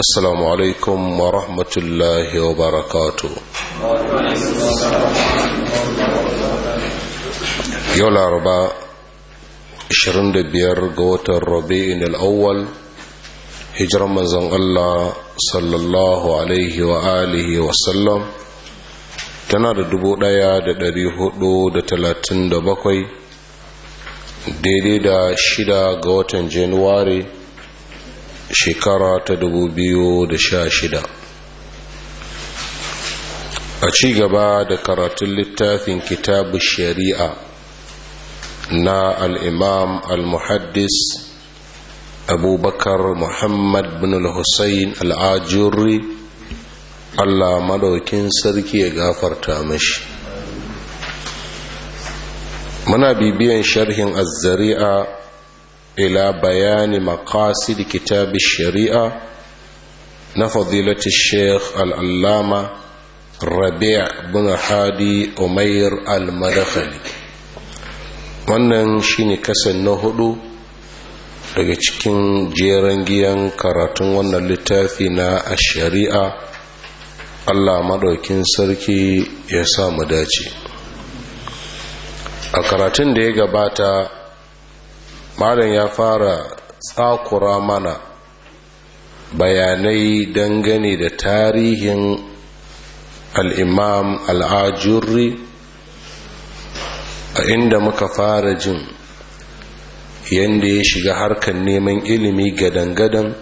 السلام عليكم ورحمة الله وبركاته يولا ربا شرند بير قوة الربيع الأول hijirar manzon Allah sallallahu alaihi wa alihi wa sallam tana da dubu ɗaya da dari hudu da talatin da bakwai daidai da shida ga watan januwari shekara ta dubu biyu da sha shida. a ci gaba da karatun littafin kitabu shari'a na al'imam al-muhaddis abubakar muhammad bin al-hussein al'ajirri allah maɗaukin sarki ya gafarta mashi muna bibiyan sharhin azzari'a إلى بيان مقاصد كتاب الشريعة نفضيلة الشيخ العلامة ربيع بن حادي أمير المدخلي wannan shine kasan na hudu daga cikin jeren giyan karatun wannan littafi na a shari'a allah maɗaukin sarki ya samu dace a karatun da ya gabata malam ya fara tsakura mana bayanai dangane da tarihin al'imam al'ajurri a inda muka fara jin yadda ya shiga harkar neman ilimi gadan-gadan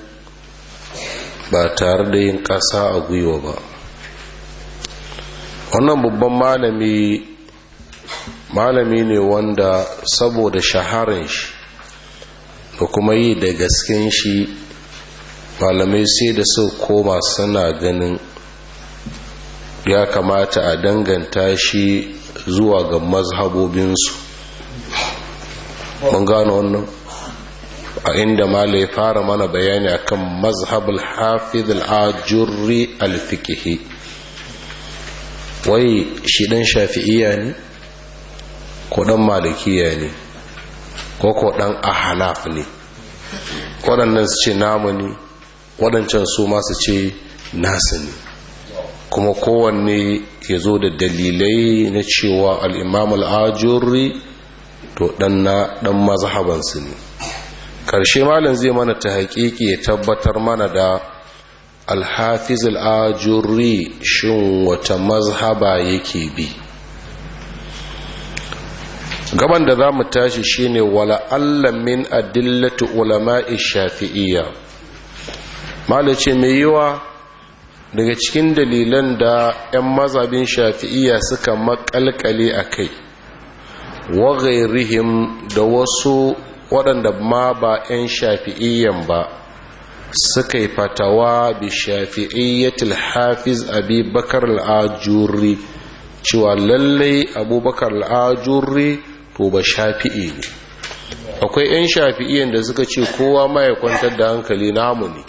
ba tare da yin ƙasa a gwiwa ba wannan babban malami malami ne wanda saboda shaharar shi da kuma yi da gasken shi malamai sai da su koma suna ganin ya kamata a danganta shi zuwa ga mazhabobinsu mun gano wannan a inda mala ya fara mana bayani akan mazhabul hafiz al-ajurri al-fiqhi wai shi dan shafi'iya ne ko dan malikiya ne ko ko dan ahanaf ne waɗannan su ce namu ne waɗancan su masu ce nasu ne kuma kowanne ya zo da dalilai na cewa al'imam al'ajurri to ɗan mazhabansu ne ƙarshe malin zai mana ta haƙiƙi ya tabbatar mana da alhafiz al'ajurri shin wata mazhaba yake bi gaban da za mu tashi shi ne wala Allah min adillatu ulama'i shafi'iyya ce mai yiwa daga cikin dalilan da 'yan mazabin shafi'iyya suka maƙalƙale a kai wa da wasu waɗanda ma ba 'yan shafi'iyyan ba suka yi fatawa bi shafi'iyyatul hafiz abi bakar al'ajuri cewa lallai abubakar al'ajuri to ba shafi'i ne akwai 'yan shafi'iyan da suka ce kowa ma ya kwantar da hankali namu ne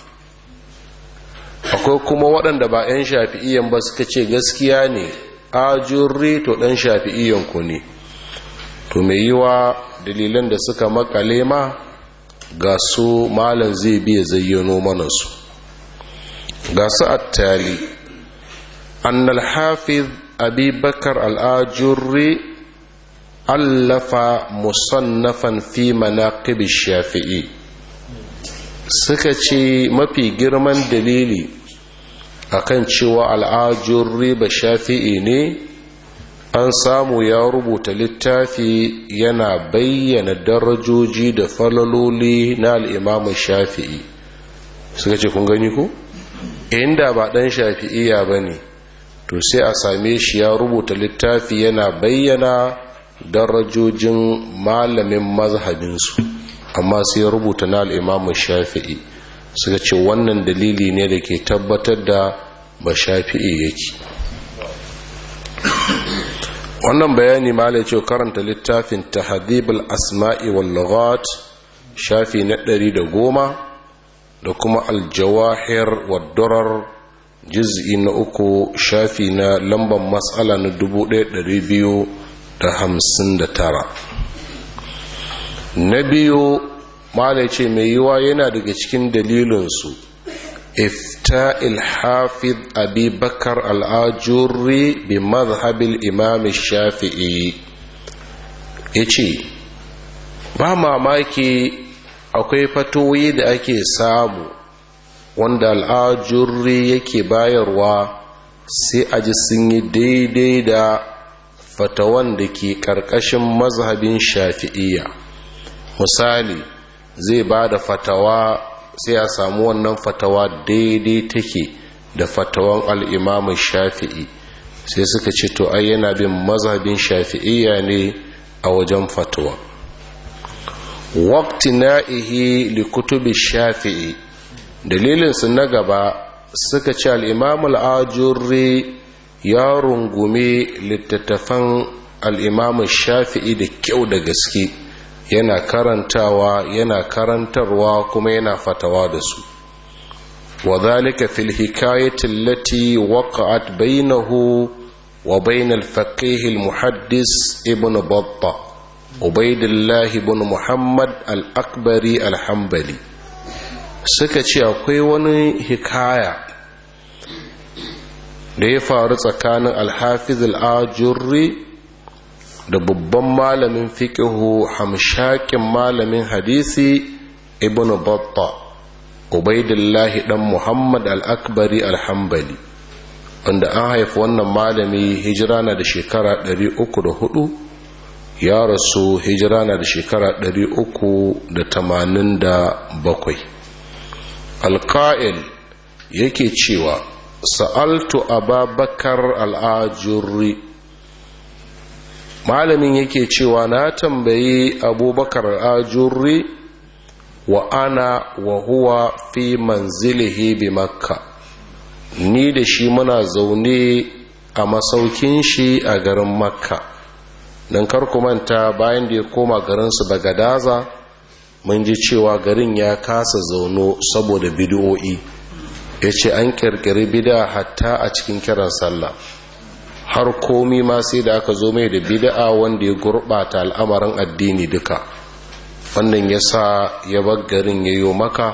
akwai kuma waɗanda ba 'yan shafi'iyan ba suka ce gaskiya ne ajurri to ɗan shafi'iyan ku ne to mai wa dalilan da suka makale ma ga su malam zai biya zayyano mana su ga su attali annal hafiz abi bakar allafa musannafan fi manaqib shafi'i suka ce mafi girman dalili akan cewa al'ajun riba shafi'i ne an samu ya rubuta littafi yana bayyana darajoji da falaloli na al'imamun shafi'i suka ce kun gani ku? inda ba ɗan shafi'iya ba to sai a same shi ya rubuta littafi yana bayyana darajojin malamin mazhabinsu amma sai rubuta na al’imamu shafi'i suka ce wannan dalili ne da ke tabbatar da ba shafi'i yake wannan bayani ma ce karanta littafin ta hadibul asma'i wal shafi na ɗari da goma da kuma aljawahir wad durar juz'i na uku shafi na lambar matsala na dubu biyu. da hamsin da tara na biyu mala ce mai yiwa yana daga cikin dalilinsu ifta ilhafid Abibakar bakar al'ajurri bi mazhabil imam shafi'i ya ce ba mamaki akwai fatoyi da ake samu wanda al'ajuri yake bayarwa sai a ji sun yi daidai da fatawan da ke ƙarƙashin mazhabin shafi'iyya misali zai ba da fatawa sai a samu wannan fatawa daidai take da fatawan al'imamin shafi'i sai suka ce to ai yana bin mazhabin shafi'iyya ne a wajen fatawa wakti na'ihi likutubi shafi'i dalilinsu na gaba suka ce al'imamul ajurri ya rungume littattafan al'imamun shafi'i da kyau da gaske yana karantawa yana karantarwa kuma yana fatawa da su wa zalika fil hikayatin lati waqa'at bainahu wa bainal faqih muhaddis ibn batta ubaidillah ibn muhammad al-akbari al suka ce akwai wani hikaya da ya faru tsakanin alhafiz al'ajurri da babban malamin fiƙihu hamshakin malamin hadisi ibn batta ubaidillahi dan muhammad al'akbari alhambali wanda an haifi wannan malami hijira na da shekara 304 ya rasu hijira na da shekara 387 alƙa'il yake cewa sa'altu ababakar al'ajurri malamin yake cewa na tambayi abubakar al'ajurri wa ana wa huwa fi manzilihi bi makka ni da shi muna zaune a masaukin shi a garin makka don manta bayan da ya koma garinsu daza, mun ji cewa garin ya kasa zauno saboda bidiyo'i ya ce an kirkiri bida hatta a cikin kiran sallah har komi ma sai da aka zo mai da bida wanda ya gurɓata al'amarin addini duka wannan ya sa ya baggarin ya yi maka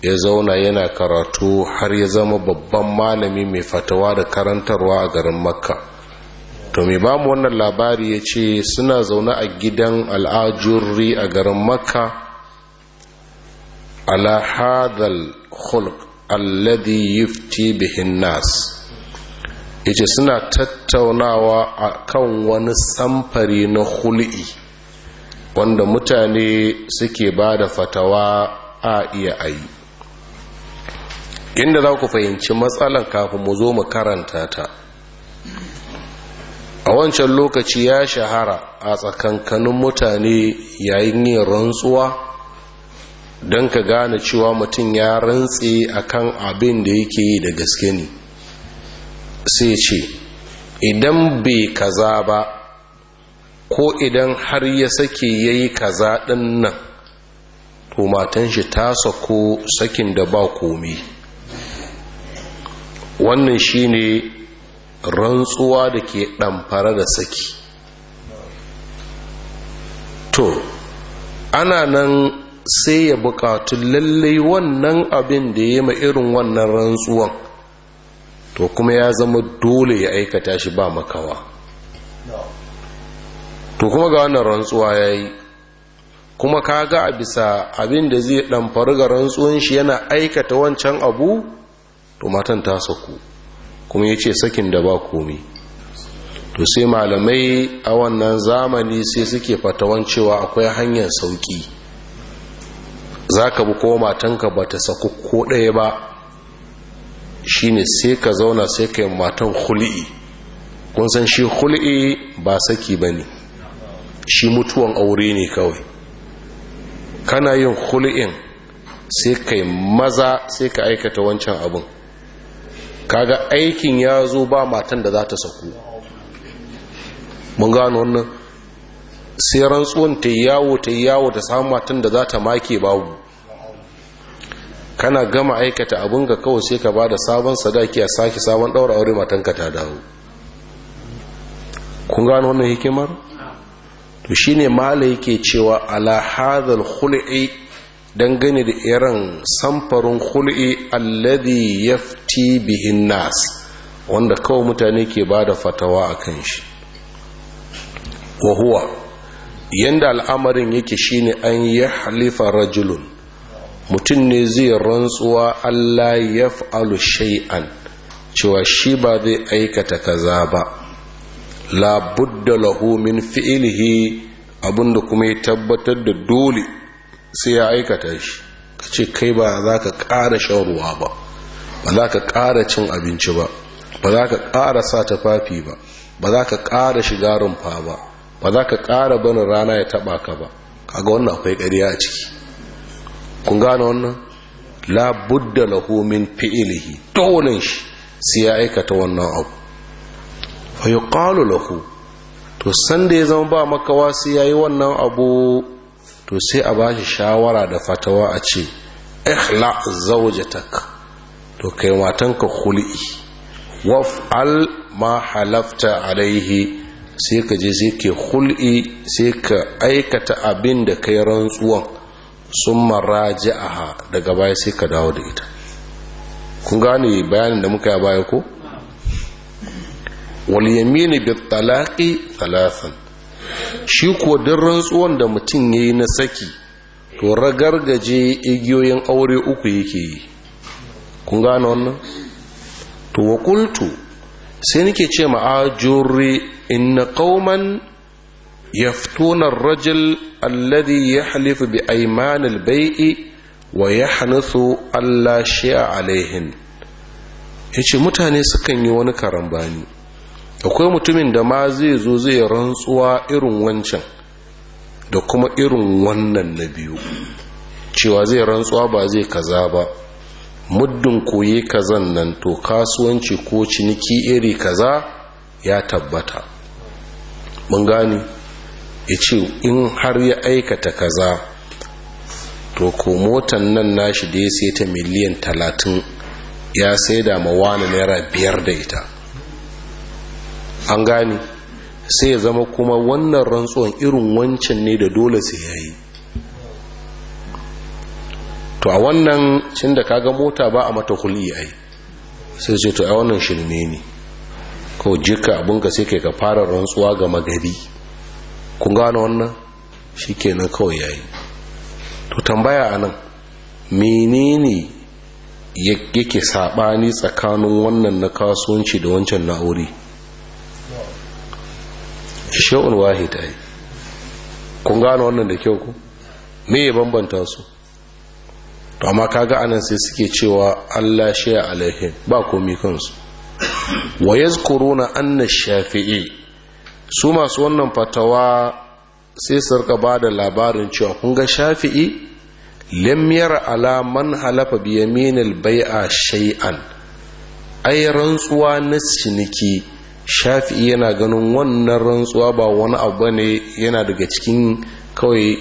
ya zauna yana karatu har ya zama babban malami mai fatawa da karantarwa a garin makka to mai bamu wannan labari ya ce suna zaune a gidan al'ajurri a garin makka ala hadal khulq alladhi yufti bihin nas yace suna tattaunawa a kan wani samfari na hul'i wanda mutane suke bada fatawa a iya ayi inda za ku fahimci matsalan kafin mu zo mu karanta ta a wancan lokaci ya shahara a tsakankanin mutane yayin yin rantsuwa don ka gane cewa mutum ya rantse akan abin da yake yi da gaske ne sai ce idan bai kaza ba ko idan har ya sake ya yi kaza ɗin nan to matan shi ta sako sakin da ba komi wannan shi ne rantsuwa da ke ɗamfara da saki to ana nan sai ya bukatu lallai wannan abin da ya ma irin wannan rantsuwan to kuma ya zama dole ya aikata shi ba makawa to kuma ga wannan rantsuwa ya yi kuma ka ga a bisa abin da zai ɗamfari ga rantsuwan shi yana aikata wancan abu to matan ta saku kuma ya ce sakin da ba komi to sai malamai a wannan zamani sai suke fatawan cewa akwai hanyar sauki za ka bi ko matanka ba ta saku ko ɗaya ba Shi ne sai ka zauna sai ka yi matan hul'i kun san shi hul'i ba saki ba ne shi mutuwan aure ne kawai kana yin hul'in sai ka yi maza sai ka aikata wancan abin kaga aikin ya zo ba matan da za ta saku mun gano wannan sai rantsuwan ta yawo ta yawo ta samu matan da za ta make babu kana gama aikata abun ga kawai sai ka ba da sabon sadaki a sake sabon ɗaura aure matanka ta dawo kun gano wannan hikimar to shine mala yake cewa ala hadhal khul'i dangane da irin samfarin khul'i alladhi yafti bihin nas wanda kawai mutane ke ba da fatawa akan shi wa huwa yanda al'amarin yake shine an yahlifa rajulun mutum ne zai rantsuwa Allah ya fa'alu shay'an cewa shi ba zai aikata kaza ba labudda lahu min fi'ilihi abinda kuma ya tabbatar da dole sai ya aikata shi ka ce kai ba za ka ƙara shawarwa ba ba za ka ƙara cin abinci ba ba za ka ƙara sa tafafi ba ba za ka ƙara shiga rumfa ba ba za ka ƙara banin rana ya taɓa ka ba kaga wannan akwai ƙarya a ciki kun gane wannan la budda lahu min fi'lihi dole shi sai ya aikata wannan abu fa yuqalu lahu to sanda ya zama ba makawa sai yayi wannan abu to sai a ba shi shawara da fatawa a ce ikhla zawjatak to kai matanka khuli waf'al ma halafta alaihi sai ka je sai ke khul'i sai ka aikata abin da kai rantsuwan sun maraja'aha daga baya sai ka dawo da ita kun gane bayanin da muka yi baya ko wal yamini bi talaqi thalathan shi ko din rantsuwan da mutum yayi na saki to ragargaje igiyoyin aure uku yake yi kun gane wannan to wa qultu sai nake ce ma ajurri inna qauman yaftuna ar-rajul alladhi yahlifu bi ayman al-bai'i wa yahnathu alla shay'a alaihin yace mutane sukan yi wani karambani akwai mutumin da ma zai zo zai rantsuwa irin wancan da kuma irin wannan na biyu cewa zai rantsuwa ba zai kaza ba muddin koyi kazan nan to kasuwanci ko ciniki iri kaza ya tabbata mun gani ya ce in har ya aikata kaza to ko motan nan nashi da ya sai ta miliyan talatin ya sai da mawana naira biyar da ita an gani sai ya zama kuma wannan rantsuwan irin wancan ne da dole sai yayi yi to a wannan cin da kaga mota ba a mata kul'i ai sai ce to a wannan shirme ne ko jika abinka sai kai ka fara rantsuwa ga magari kun gano wannan shi nan kawai ya yi to tambaya anan menene yake saɓani tsakanin wannan na kasuwanci da wancan na'uri shi'un ta yi kun gano wannan da kyau ku me ya bambanta su to amma ga anan sai suke cewa Allah shi alaihim ba komi kansu wa yazkuruna anna shafi'i su masu wannan fatawa sai su ba da labarin cewa kun ga shafi'i lamyar alaman halafa bi yaminil bai'a shai'an ai rantsuwa na ciniki shafi'i yana ganin wannan rantsuwa ba wani abu ne yana daga cikin kawai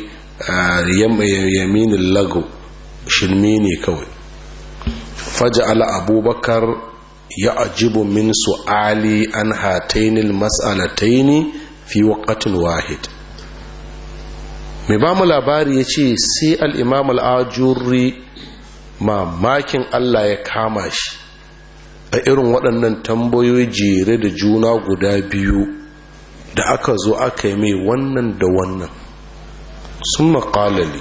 yaminin lago shirme ne kawai faja ala abubakar ya ajibu min su'ali an hatainil في fi واحد wahid mai ba mu labari ya ce sai al'imam al'ajurri mamakin Allah ya kama shi a irin waɗannan tambayoyi jere da juna guda biyu da aka zo aka yi mai wannan da wannan sun makalali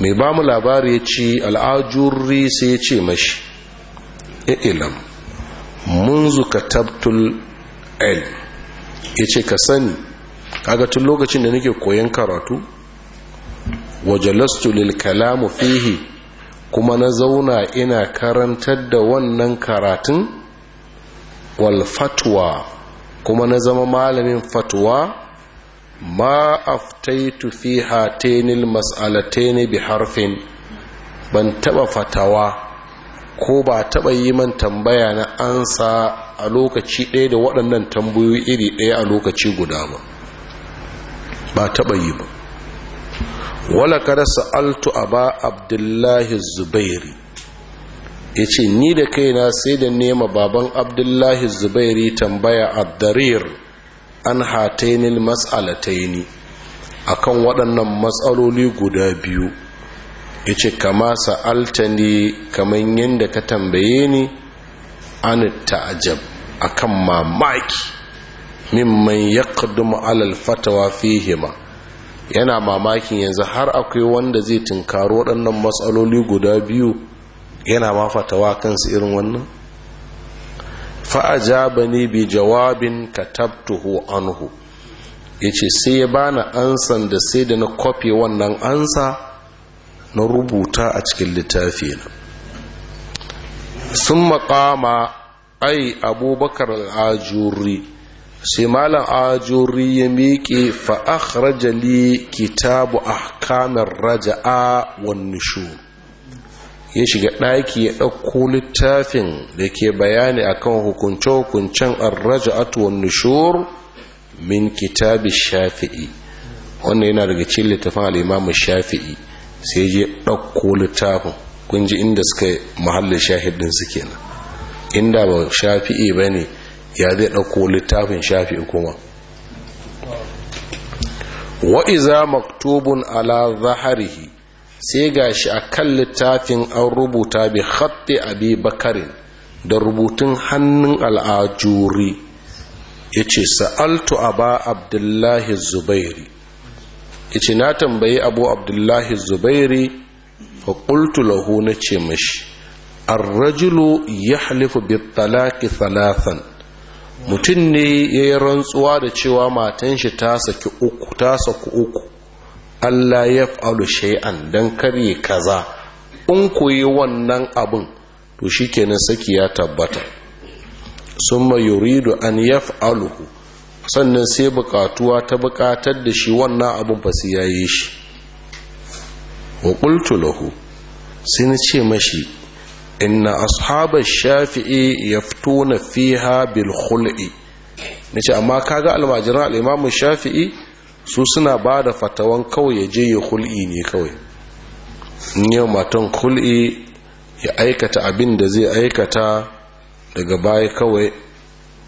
mai ba mu labari ya ce al'ajurri sai ya ce mashi ilam munzu katabtul ilm yace ka sani kaga tun lokacin da nake koyon karatu wajalastu lil kalamu fihi kuma na zauna ina karantar da wannan karatun wal fatwa kuma na zama malamin fatwa ma aftaitu fi hatenil mas'alatain bi harfin ban taba fatawa ko ba taɓa yi man tambaya na ansa a lokaci ɗaya da waɗannan tambayoyi iri ɗaya a lokaci guda ba ba taɓa yi ba wala kada sa'altu a ba abdullahi zubairi ya ce ni da kaina sai da nema baban abdullahi zubairi tambaya a darir an hatainil a akan waɗannan matsaloli guda biyu ya ce kama sa'altani kaman yadda ka tambaye ni an ta'ajab akan mamaki mimman ya ƙadduma alal fatawa fihima yana mamakin yanzu har akwai wanda zai tunkaro waɗannan matsaloli guda biyu yana ma fatawa kansu irin wannan fa'ajaba ne bi jawabin katabtuhu anhu ya ce sai ya bani ansan da sai da na kofi wannan ansa na rubuta a cikin littafi na sun makama ai abubakar ajuri sai malam ajuri ya miƙe fa'ak rajali kitabu ahkamar raja'a wani shu ya shiga ɗaki ya ɗauko littafin da ke bayani akan hukunce-hukuncen arraja'atu wan nushur min kitabi shafi'i wannan yana daga cikin littafin al'imamu shafi'i sai je ɗauko littafin kun ji inda suka muhallin shahidin su kenan inda ba shafi'i ba ne ya zai ɗauko littafin shafi'i kuma wa'iza maktubun ala zaharihi sai ga shi a kan littafin an rubuta bi khatti abi bakarin da rubutun hannun al'ajuri ya ce sa'altu a ba abdullahi zubairi ice na tambayi abu abdullahi zubairi fa qultu lahu na ce mashi arrajulu halifu bi talaki thalathan mutum ne ya yi rantsuwa da cewa matan shi ta saki uku ta saku uku Allah ya fa'alu shay'an dan karya kaza in koyi wannan abin to na saki ya tabbata summa yuridu an ya yaf'aluhu sannan sai bukatuwa ta bukatar da shi wannan abin fa sai yayi shi wa qultu lahu sai ce mashi inna ashabar shafi'i yaftuna fiha bil khul'i nace amma kaga almajiran al-imam shafi'i su suna ba da fatawan kawai ya je ya khul'i ne kawai in yau matan khul'i ya aikata abin da zai aikata daga baya kawai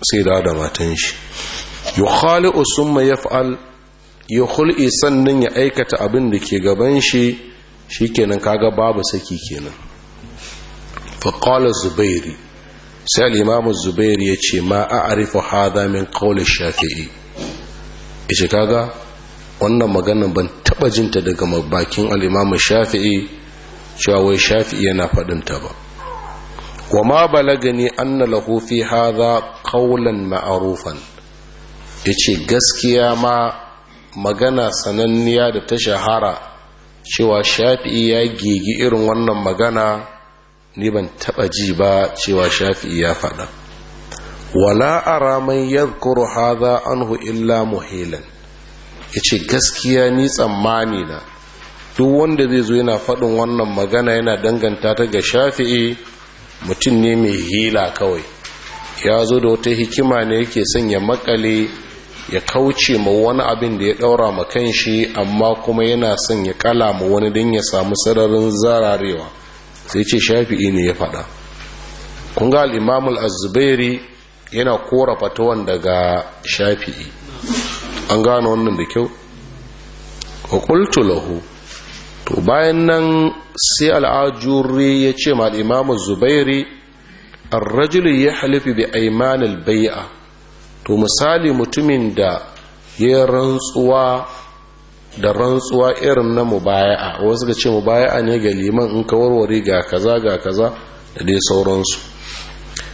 sai da da matan shi yukhali'u summa yaf'al ya hul'i sannan ya aikata abin da ke gaban shi shi kenan kaga babu saki kenan faƙalar zubairi sai al'imamu zubairi ya ce ma a arifa hada min ƙaunar shafi'i ya ce kaga wannan maganar ban taɓa jinta daga bakin al'imamu shafi'i cewa wai shafi'i yana faɗinta ba wa balaga ne an na lahofi hada ƙaunar ma'arufan ya ce gaskiya ma magana sananniya da ta shahara cewa shafi'i ya gigi irin wannan magana ni ban taba ji ba cewa shafi'i ya faɗa wala ara man yadhkuru hadha anhu illa muhilan ce gaskiya ni tsammani na duk wanda zai zo yana faɗin wannan magana yana danganta ta ga shafi'i mutum ne mai hila kawai ya zo da wata hikima ne yake sanya makale ya kauce ma wani abin da ya daura ma kanshi amma kuma yana son ya kala ma wani don ya samu sararin zararewa sai ce shafi'i ne ya faɗa kun ga al'imamul azubairi yana kora fatawan daga shafi'i an gano wannan da kyau kultu lahu to bayan nan sai al'ajuri ya ce ma al'imamul zubairi الرجل يحلف بأيمان bai'a to misali mutumin da ya rantsuwa da rantsuwa irin na mubaya'a wasu ga ce mubaya'a ne ga liman in ka warware ga kaza ga kaza da dai sauransu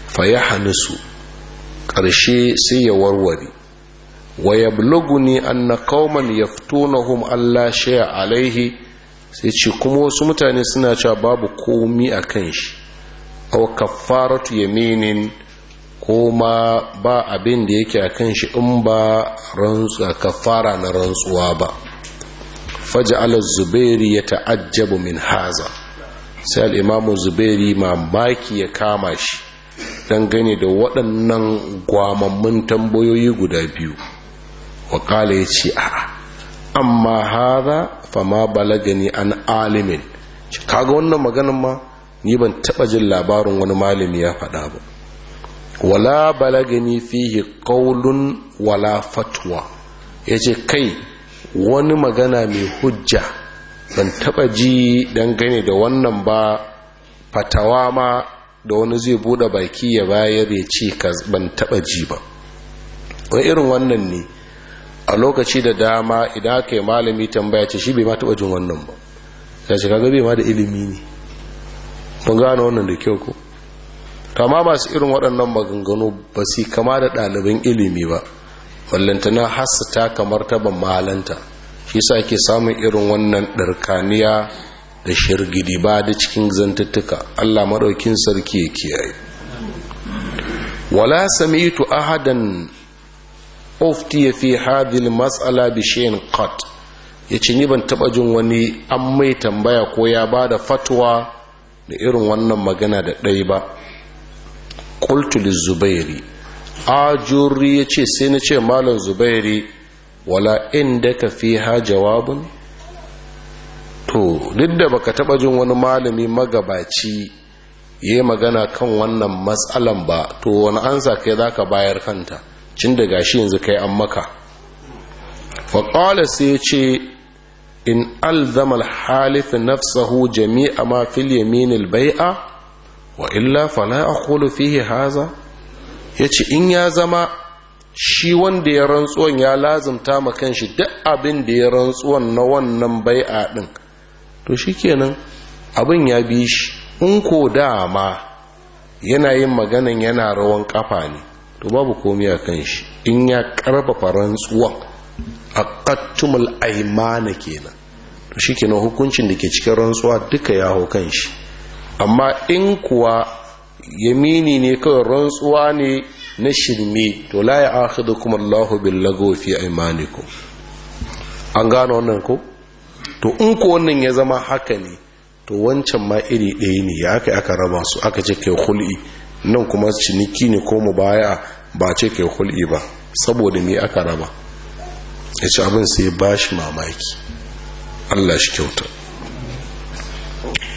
fa ya ƙarshe sai ya warware wa ya ne an na kawman ya fito na hum Allah shaya alaihi sai ce kuma wasu mutane suna cewa babu komi a kan shi au kafaratu yaminin koma ba abin da yake a kan shi in ba rantsuwa ka fara na rantsuwa ba Alar zubairi ya ta'ajjabu min haza sai al'imamu zubairi mamaki ya kama shi don gani da waɗannan gwamammun tambayoyi guda biyu wakala ya ce a amma haza fama balagani an alimin kaga wannan maganin ma ni ban taɓa jin labarin wani malami ya faɗa ba wala balagani fihi qaulun wala fatwa yace kai wani magana mai hujja ban taba ji dangane da wannan ba fatawa ma da wani zai bude baki ya bayar ya ce ban taba ji ba wani irin wannan ne a lokaci da dama idan aka yi malami tambaya ce shi bai ma taba jin wannan ba ya ce kaga bai ma da ilimi ne ban gane wannan da kyau ko amma masu irin waɗannan maganganu ba su kama da ɗaliban ilimi ba wallantana hasa ta kamar taban mahalanta shi sa ke samun irin wannan ɗarkaniya da shirgidi ba da cikin zantattuka allah maɗaukin sarki ya kiyaye wala sami'tu ahadan ya fi hadin mas'ala bi shay'in qat yace ni ban taba jin wani an mai tambaya ko ya bada fatwa da irin wannan magana da ɗai ba qultu lizubairi ajuri yace sai na ce malam zubairi wala fi fiha jawabun to duk da baka taba jin wani malami magabaci yayi magana kan wannan matsalan ba to wani ansa kai zaka bayar kanta cin da gashi yanzu kai an maka fa qala sai ce in alzama alhalif nafsahu jami'a ma fil yamin albay'a wa illa fala aqulu fihi haza yace in ya zama shi wanda ya rantsuwan ya lazumta ma kanshi duk abin da ya rantsuwan na wannan bai'a din to shikenan abin ya bi shi in ko dama yana yin maganan yana rawan kafa ne to babu komai a kanshi in ya karfafa rantsuwan aqattumul aymana kenan to shikenan hukuncin da ke cikin rantsuwa duka ya hau kanshi amma in kuwa yamini ne kawai rantsuwa ne na shirme to la ya akhidhu kuma Allahu bil lagwi fi aymanikum an gano wannan ko to in ko wannan ya zama haka ne to wancan ma iri ɗaya ne ya aka aka raba su aka ce kai hul'i nan kuma ciniki ne ko baya. ba ce kai hul'i ba saboda me aka raba ya ci abin sai ba shi mamaki Allah shi kyauta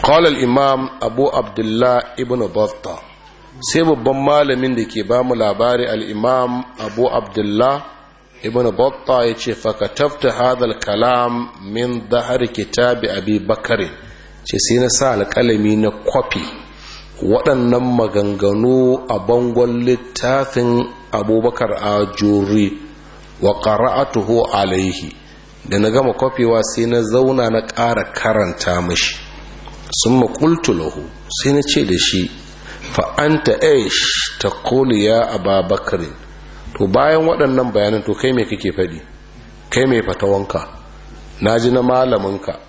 qala imam abu abdullah ibn battah sai babban malamin da ke bamu mu labari al'imam abu abdullah ibn batta ya ce fakatafta hadal kalam min dahar kitabi abi bakare ce sai na sa alƙalami na kwafi waɗannan maganganu a bangon littafin abubakar a juri wa ƙara'atuhu alaihi da na gama kwafewa sai na zauna na ƙara karanta mashi sun makultu lahu sai na ce da shi fa'anta aish ta koliya a babakarin to bayan waɗannan bayanan to kai mai kake faɗi kai mai fatawanka na ji na malaminka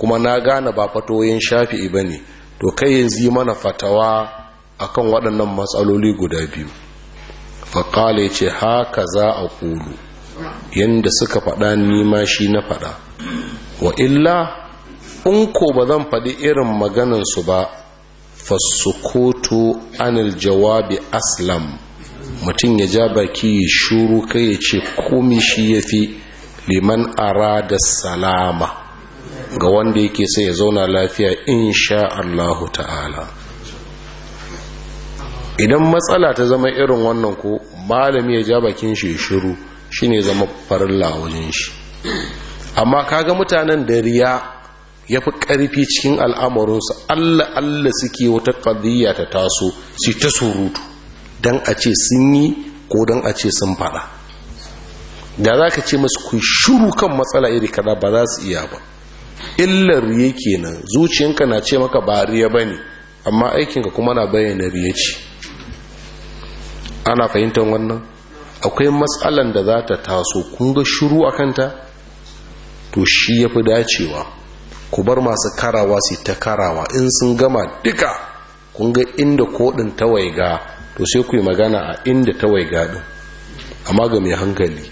kuma na gane ba fatoyin shafi'i ba ne to kai yanzu mana fatawa a kan waɗannan matsaloli guda biyu faƙale ce haka za a ƙulu yadda suka faɗa nima shi na faɗa wa illa in ko ba zan faɗi irin maganansu ba fasukoto anil jawabi aslam mutum ya ja baki ya shuru kai ya ce komi shi ya fi liman arada salama ga wanda yake sai ya zauna lafiya insha Allahu ta'ala idan matsala ta zama irin wannan ko malami ya ja bakin shi shiru shine zama farilla wajen shi amma kaga mutanen da riya ya fi ƙarfi cikin al'amarinsu allah allah suke wata ƙadiyya ta taso su ta surutu don a ce sun yi ko don a ce sun faɗa da za ka ce masu ku shuru kan matsala iri kada ba za su iya ba illar riye kenan zuciyanka na ce maka ba riya ba ne amma aikinka kuma na bayyana riye ce ana fahimtar wannan akwai matsalan da za ta taso kun ga shuru a kanta to shi ya fi dacewa ku bar masu karawa su ta karawa in sun gama duka kun ga inda kodin ta waiga to sai ku yi magana a inda ta waiga din amma ga mai hankali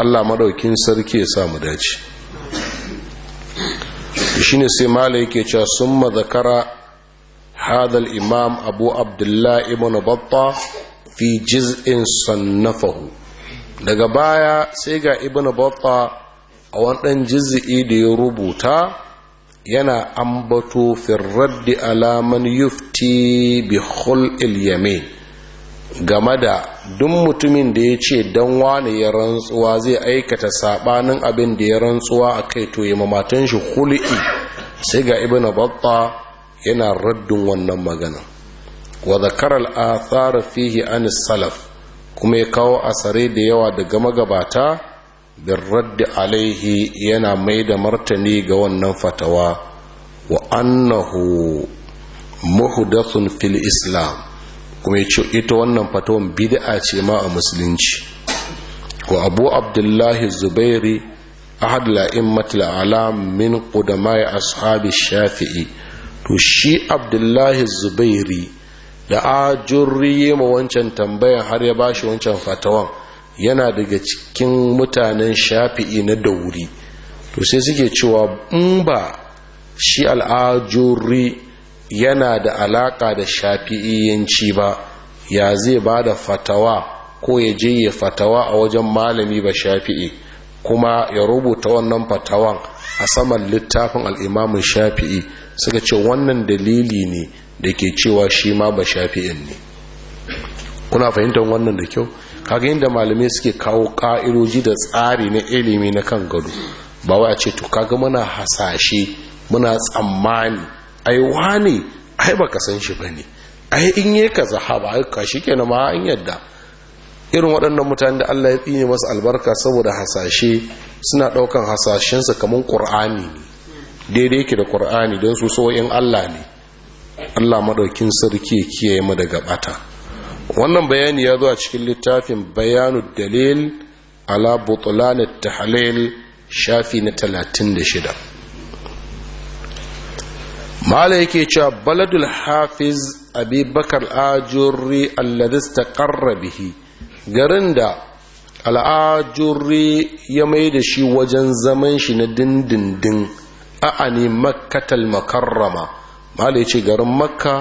Allah madaukin sarki ya sa mu dace shine sai malai yake cewa sun zakara هذا imam Abu عبد الله ابن fi في sannafahu, daga baya sai ga ibn Babba. a wadan juz'i da ya rubuta yana ambato firraddi alaman yufti bi hul yamin game da duk mutumin da ya ce don wane ya rantsuwa zai aikata sabanin abin da ya rantsuwa a kai to yi mamatan shi hul'i sai ga ibn batta yana raddin wannan magana wa zakar al'athar fihi an salaf kuma ya kawo asare da yawa daga magabata birraddi alaihi yana mai da martani ga wannan fatawa wa annahu muhdathun fil islam kuma ita wannan fatawan bid'a ce ma a musulunci wa abu abdullahi zubairi ahad la'immat al'alam min qudamai ashabi shafi'i to shi abdullahi zubairi da ajurri ma wancan tambayan har ya bashi wancan fatawan yana daga cikin mutanen shafi'i na dauri to sai suke cewa in ba shi al'ajuri yana da alaka da shafi'iyanci ba ya zai ba da fatawa ko ya je ya fatawa a wajen malami ba shafi'i kuma ya rubuta wannan fatawan a saman littafin al'imamin shafi'i suka ce wannan dalili ne da ke cewa shi ma ba shafi'in ne kuna fahimtar wannan da kyau kaga inda malamai suke kawo ka'iroji da tsari na ilimi na kan gado ba wa ce to kaga muna hasashe muna tsammani ai wane ai baka san shi ba bane ai in yi ka zahaba ka shikenan ma an yadda irin waɗannan mutane da Allah ya tsine masu albarka saboda hasashe suna ɗaukan hasashensa kamar Kur'ani ne daidai yake da Kur'ani don su so in Allah ne Allah maɗaukin sarki ya kiyaye mu daga ɓata wannan bayani ya zo a cikin littafin bayanu dalil ala butlan tahalil shafi na talatin da 36 mala yake cewa baladul hafiz abibakar ajurri ta istaqarra bihi garin da al'ajurri ya mai da shi wajen zaman shi na dindindin a'ani makkatal makarrama mala yace garin makka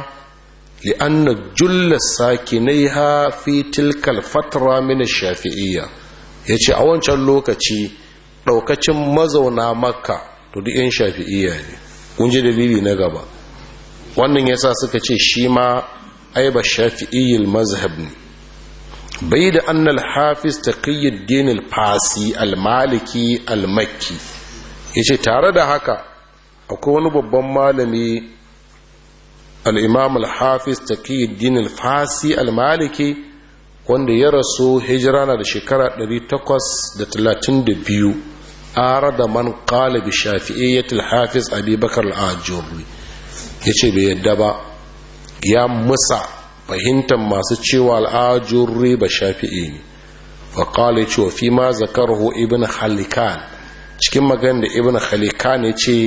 li'anna julla sakinaiha fi tilkal fatra min shafi'iyya yace a wancan lokaci ɗaukacin mazauna makka to duk yan shafi'iyya ne kun ji dalili na gaba wannan yasa suka ce shi ma aiba shafi'iyyil mazhab ne bai da annal hafiz taqiyuddin al-fasi al-maliki al-makki yace tare da haka akwai wani babban malami al-imam al-hafiz taqiyuddin fasi al wanda ya rasu hijira na da shekara 832 arada man qala bi shafi'iyyati al-hafiz abi bakr Ya ce bai yadda ba ya musa fahimtar masu cewa al ba shafi'i ne fa qala yace fi ma zakarahu ibn halikan cikin magana da ibn halikan yace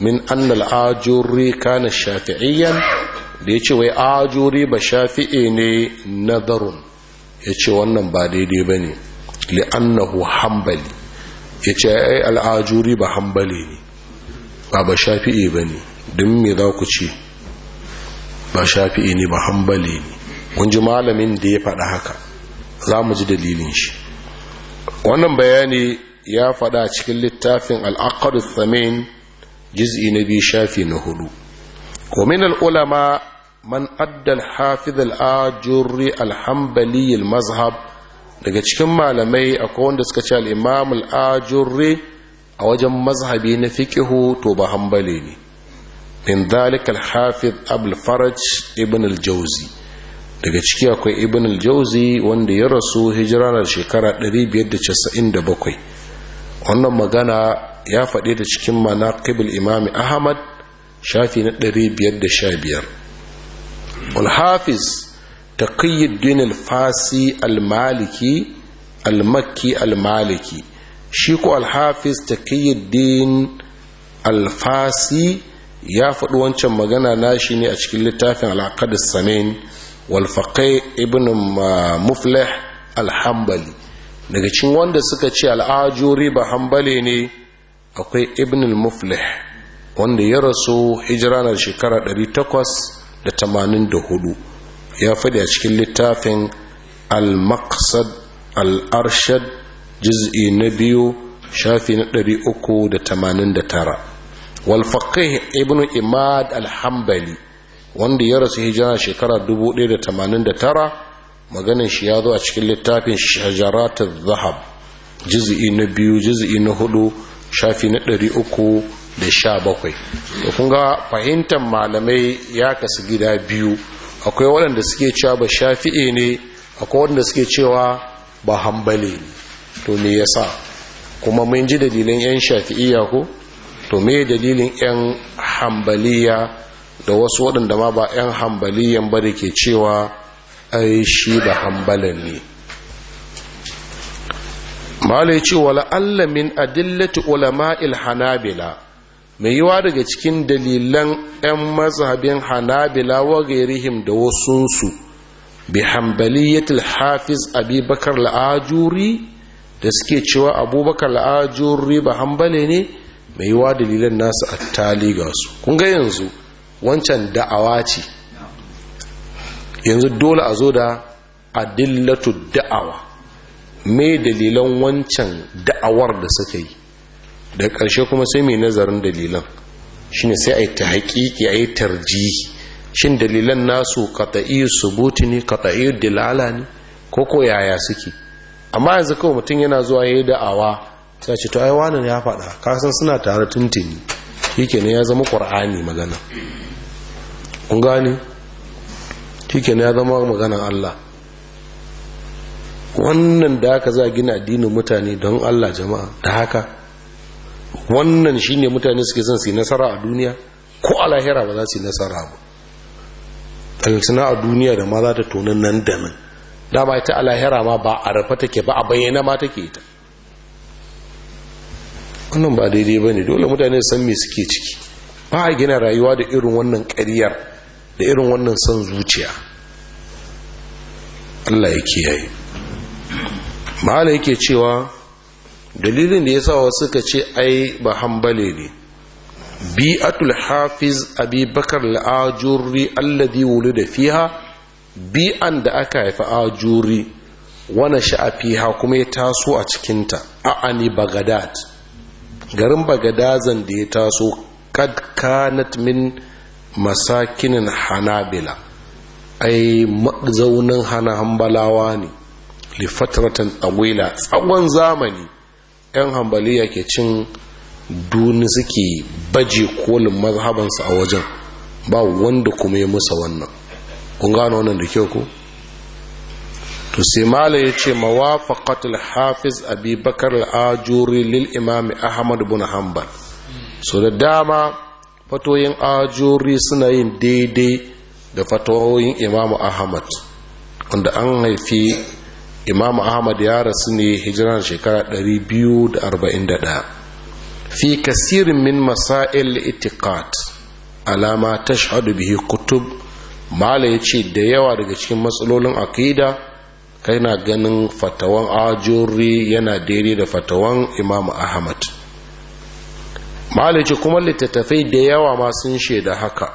min annal ajuri kana shafi'iyan da ya ce wai ajuri ba shafi'i ne nadarun ya ce wannan ba daidai ba ne li'annahu hambali ya ce ai al'ajuri ba hambali ne ba ba shafi'i ba ne don me za ku ce ba shafi'i ne ba hambali ne kun ji malamin da ya faɗa haka za mu ji dalilin shi wannan bayani ya faɗa cikin littafin al'aqadu samin juz'i na biyu shafi na hudu wa min ulama man adda al-hafiz mazhab daga cikin malamai akwai wanda suka ce al-imam a wajen mazhabi na fiƙihu to ba hanbali ne In dhalika al-hafiz abul faraj ibn al daga ciki akwai ibn al wanda ya rasu da na shekara 597 wannan magana ya faɗe da cikin mana ƙibul imami ahmad shafi na ɗari wal hafiz taqiyuddin al-fasi al-maliki alfasi almaliki almaki almaliki shi ko alhafiz ta taqiyuddin al alfasi ya faɗi wancan magana nashi ne a cikin littafin al-aqd walfaƙe ibn muflih Alhambali. daga cikin wanda suka ce al'ajuri ba hambale ne akwai ibn al-muflih wanda ya rasu hijira na shekara 884 ya fadi a cikin littafin al-maqsad al-arshad juz'i na biyu shafi na 389 wal faqih ibn imad al-hanbali wanda ya rasu hijira shekara tara, maganin shi ya zo a cikin littafin shajaratun zahab juz'i na biyu juz'i na hudu shafi na ɗari uku da sha bakwai da kun ga fahimtar malamai ya kasu gida biyu akwai waɗanda suke cewa ba shafi'i ne akwai waɗanda suke cewa ba hambali ne to me yasa kuma mun ji dalilin 'yan shafi'iyya ko to me dalilin 'yan hambaliya da wasu waɗanda ma ba 'yan hambaliyan ba da ke cewa ai shi ba hambalin ne mala ya ce wala allamin adillati ulama'il hanabila mai yiwa daga cikin dalilan 'yan mazhabin hanabila wa gairihim da wasunsu bi hambaliyatul hafiz abubakar la'ajuri da suke cewa abubakar la'ajuri ba hambale ne mai yiwa dalilan nasu tali ga su kun yanzu wancan da'awa ce yanzu dole a zo da adillatu da'awa me dalilan wancan da'awar da suka yi da ƙarshe kuma sai mai nazarin dalilan shi ne sai a yi ta haƙiƙi a yi tarji shin dalilan nasu kata'i subuti ne kata'i dilala ne ko ko yaya suke amma yanzu kawai mutum yana zuwa ya yi da'awa ta ce to ai ya faɗa kasan suna tare tuntuni shike ne ya zama ƙur'ani magana kun gane shike ya zama maganan Allah wannan da haka za gina addinin mutane don Allah jama'a da haka wannan shine mutane suke son su nasara a duniya ko a lahira ba za su yi nasara ba tsantsina a duniya da ma za ta tonin nan da nan dama ita a lahira ma ba a rafa take ba a bayyana ma take ita wannan ba daidai ba ne dole mutane san me suke ciki ba a gina rayuwa da irin wannan ƙaryar da irin wannan son zuciya Allah ya kiyaye ma'ala yake cewa dalilin da ya sa wasu ka ce ai ba hambale ne bi'atul hafiz abi bakar al'ajuri alladhi wulida fiha bi'an da aka haifa ajuri wana sha'a fiha kuma ya taso a cikinta a'ani bagadad garin bagadazan da ya taso kad min masakinin hanabila ai mazaunin hana hambalawa ne lifatratan awila tsawon zamani yan hambaliya ke cin duni suke baje kolin mazhabansu a wajen ba wanda kuma ya musa wannan kun gano wannan da kyau ku. to sai mala ya ce mawafaqatul hafiz abubakar al-ajuri lil imam ahmad ibn hanbal so da dama fatoyin ajuri suna yin daidai da fatoyin imam ahmad wanda an haifi imam ahmad ya rasu ne hijiran shekara 241 fi kasirin min masail itikat alama tashhadu bihi kutub mala ya ce da yawa daga cikin matsalolin akida kai na ganin fatawan ajuri yana daidai da fatawan imam ahmad mala ya ce kuma littattafai da yawa ma sun shaida haka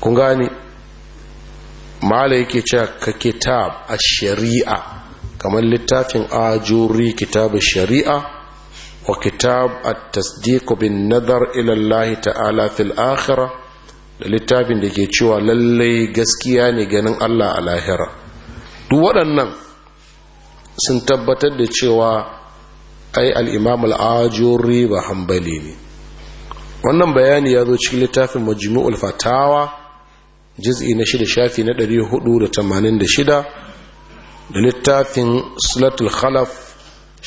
kun gani mala yake cewa ka kitab a shari'a kamar littafin ajuri kitab shari'a wa kitab a tasdiku bin nazar ilallahi ta'ala fil akhira da littafin da ke cewa lallai gaskiya ne ganin allah a lahira duk waɗannan sun tabbatar da cewa ai al'imam al'ajuri ba hambali ne wannan bayani ya zo cikin littafin majmu'ul fatawa juz'i na shida shafi na 486 da littafin sulatul khalaf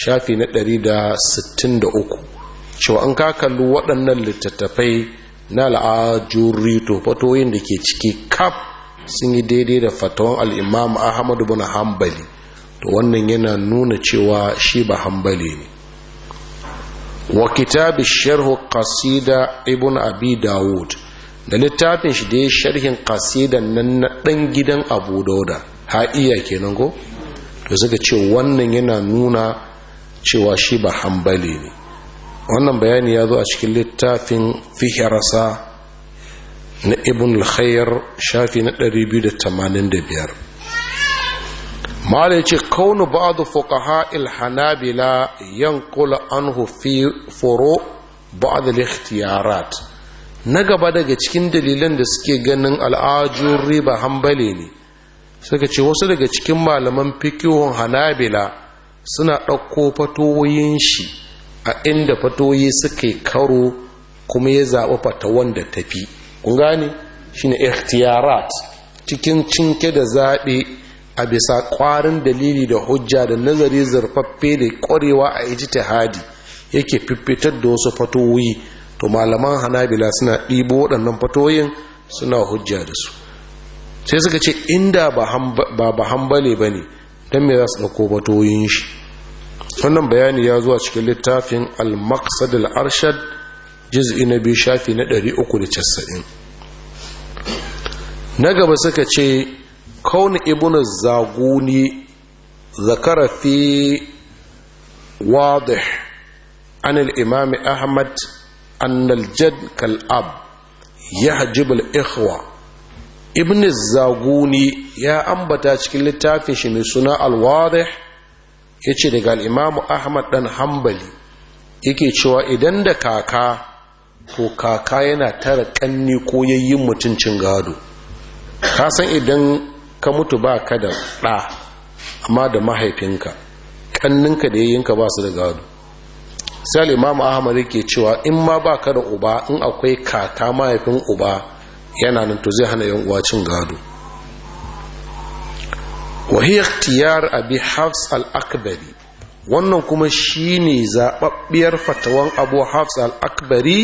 shafi na 163 cewa an ka kalli waɗannan littattafai na al'ajuri to fatoyin da ke ciki kaf sun yi daidai da fatawan al'imam ahmadu bin hambali to wannan yana nuna cewa shi ba hambali ne wa kitabi sharhu qasida ibn abi dawud da littafin shi da ya sharhin kasidan nan na ɗan gidan abu dauda ha'iya kenan ko to suka ce wannan yana nuna cewa shi ba hambali ne wannan bayani ya zo a cikin littafin fihirasa na ibn al-khayyar shafi na 285 ma'ala ya ce kaunu ba'adu fuqaha il-hanabila yankula anhu fi furo ba'ad al-ikhtiyarat na gaba daga cikin dalilan da suke ganin al'ajun riba hambali ne suka ce wasu daga cikin malaman fikihun hanabila suna ɗauko fatoyin shi a inda fatoyi suka yi karo kuma ya zaɓi fatawan da tafi kun gane shine ikhtiyarat cikin cinke da zaɓe a bisa ƙwarin dalili da hujja da nazari zarfaffe da ƙwarewa a ijtihadi hadi yake fiffitar da wasu fatoyi to malaman hanabila suna ɗibo waɗannan fatoyin suna hujja da su sai suka ce inda ba ba hambale ba ne don me za su ɗauko fatoyin shi wannan bayani ya zuwa cikin littafin al-maqsad al-arshad juz'i na biyu shafi na ɗari uku da casa'in. na gaba suka ce kauni ibnu zaguni zakara fi wadih an al ahmad annal jad kal'ab ya hajjibul ikhwa ibn zaguni ya ambata cikin littafin shi mai suna alwadih ya ce daga al'imamu ahmad ɗan hambali yake cewa idan da kaka ko kaka yana tara ƙanni ko yayin mutuncin gado ka san idan ka mutu ba ka da ɗa amma da mahaifinka ƙannenka da yayinka ba su da gado sai al'imamu ahmad yake cewa in ma ba ka da uba in akwai kata mahaifin uba yana nan to zai hana yan uwa cin gado wahiyar ikhtiyar abi hafs al-akbari wannan kuma shine ne zaɓaɓɓiyar fatawan abu hafs al-akbari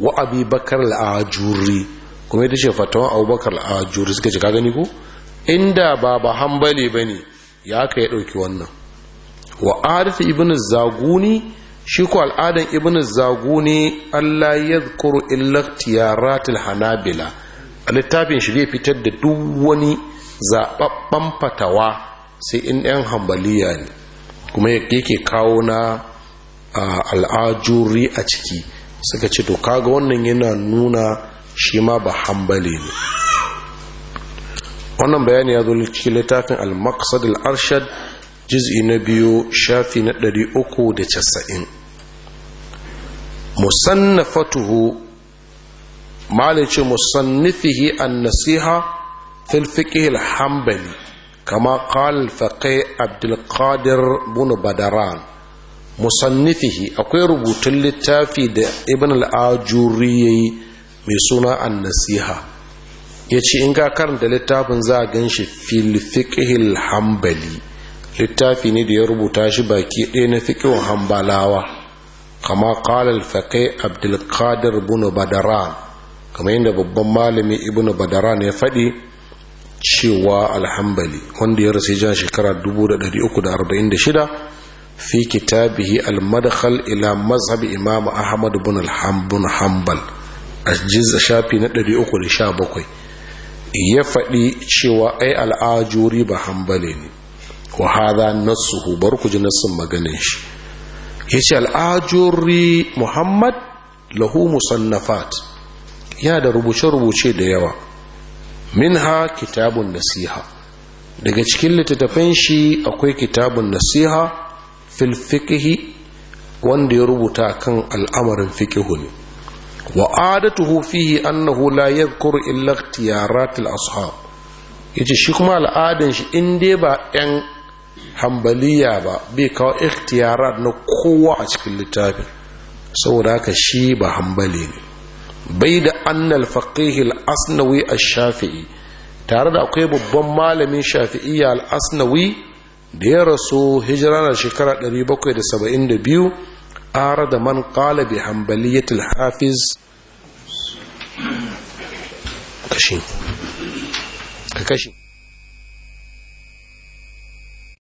wa Bakar al-ajuri kuma ita ce fatawan abubakar al-ajuri suka ce ka gani ko inda ba ba hambali ba ne ya aka ya ɗauki wannan wa arif ibn zaguni shi ku al'adan ibn zaguni Allah ya zukuru illaqtiyaratul hanabila a littafin shi zai fitar da duk wani zaɓaɓɓen fatawa sai in ɗan hambaliya ne kuma yake kawo na al'ajuri a ciki suka ce to kaga wannan yana nuna shi ma ba hambali ne wannan bayani ya zo cikin littafin al-maqsad al-arshad juz'i na biyu shafi na ɗari uku da casa'in musannafatuhu malice musannifihi an nasiha fil hambali kama qala abdulkadir abdul bunu badaran. badaran musannifihi akwai rubutun littafi da ibn al'ajuri ajuri yayi mai suna an nasiha ya ce in ga karanta littafin za a gan shi filfikihil hambali littafi ne da ya rubuta shi baki ɗaya na fiƙin hambalawa kama ƙalar faƙai abdulkadir bin badara kamar yadda babban malami ibn ne ya faɗi cewa alhambali wanda ya rasu jan shekara 346 fi kitabihi al-madkhal ila mazhab imam ahmad bin al-hanbal a jizza shafi na 317 ya faɗi cewa ai al'ajuri ba hambali ne wa hadha nassuhu bar ku ji nassin maganin shi yace al-ajuri muhammad lahu musannafat yana da rubuce-rubuce da yawa minha kitabun nasiha daga cikin littattafan shi akwai kitabun nasiha fil fiqhi wanda ya rubuta kan al'amarin fiqhu ne wa adatuhu fihi annahu la yadhkuru illa ikhtiyarat al-ashab yace shi kuma al'adan shi in dai ba yan hambaliya ba bai kawo ikhtiyara na kowa a cikin littafin saboda haka shi ba hambali ne bai da annal faqihil asnawi ash-shafi'i tare da akwai babban malamin shafi'iyya al-asnawi da ya rasu hijira na shekara 772 ara da man qala bi hambaliyatil hafiz kashi kashi